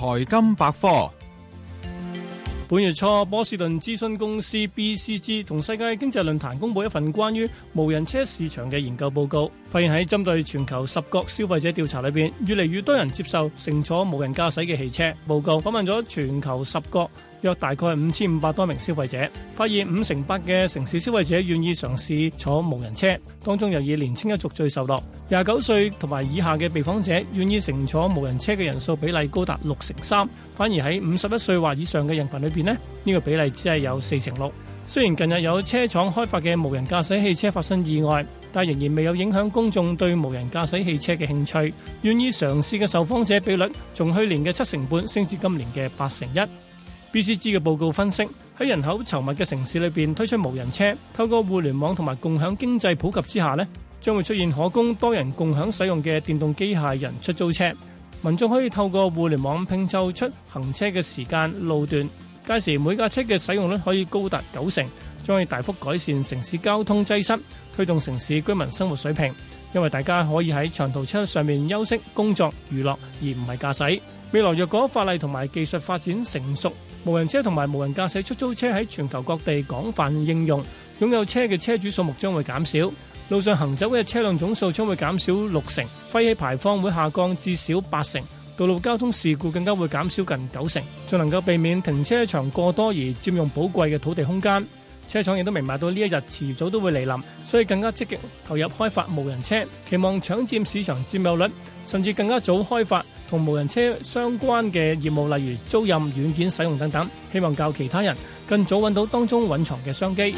財金百科，本月初，波士頓諮詢公司 BCG 同世界經濟論壇公佈一份關於無人車市場嘅研究報告，發現喺針對全球十國消費者調查裏邊，越嚟越多人接受乘坐無人駕駛嘅汽車。報告訪問咗全球十國。約大概五千五百多名消費者，發現五成八嘅城市消費者願意嘗試坐無人車，當中又以年青一族最受落。廿九歲同埋以下嘅被訪者願意乘坐無人車嘅人數比例高達六成三，反而喺五十一歲或以上嘅人群裏邊呢，呢個比例只係有四成六。雖然近日有車廠開發嘅無人駕駛汽車發生意外，但仍然未有影響公眾對無人駕駛汽車嘅興趣。願意嘗試嘅受訪者比率從去年嘅七成半升至今年嘅八成一。BCG 嘅報告分析喺人口稠密嘅城市裏邊推出無人車，透過互聯網同埋共享經濟普及之下呢，將會出現可供多人共享使用嘅電動機械人出租車。民眾可以透過互聯網拼湊出行車嘅時間路段，屆時每架車嘅使用率可以高達九成。將會大幅改善城市交通擠塞，推動城市居民生活水平。因為大家可以喺長途車上面休息、工作、娛樂，而唔係駕駛。未來若果法例同埋技術發展成熟，無人車同埋無人駕駛出租車喺全球各地廣泛應用，擁有車嘅車主數目將會減少，路上行走嘅車輛總數將會減少六成，廢氣排放會下降至少八成，道路交通事故更加會減少近九成，仲能夠避免停車場過多而佔用寶貴嘅土地空間。車廠亦都明白到呢一日遲早都會嚟臨，所以更加積極投入開發無人車，期望搶佔市場佔有率，甚至更加早開發同無人車相關嘅業務，例如租賃軟件使用等等，希望教其他人更早揾到當中蘊藏嘅商機。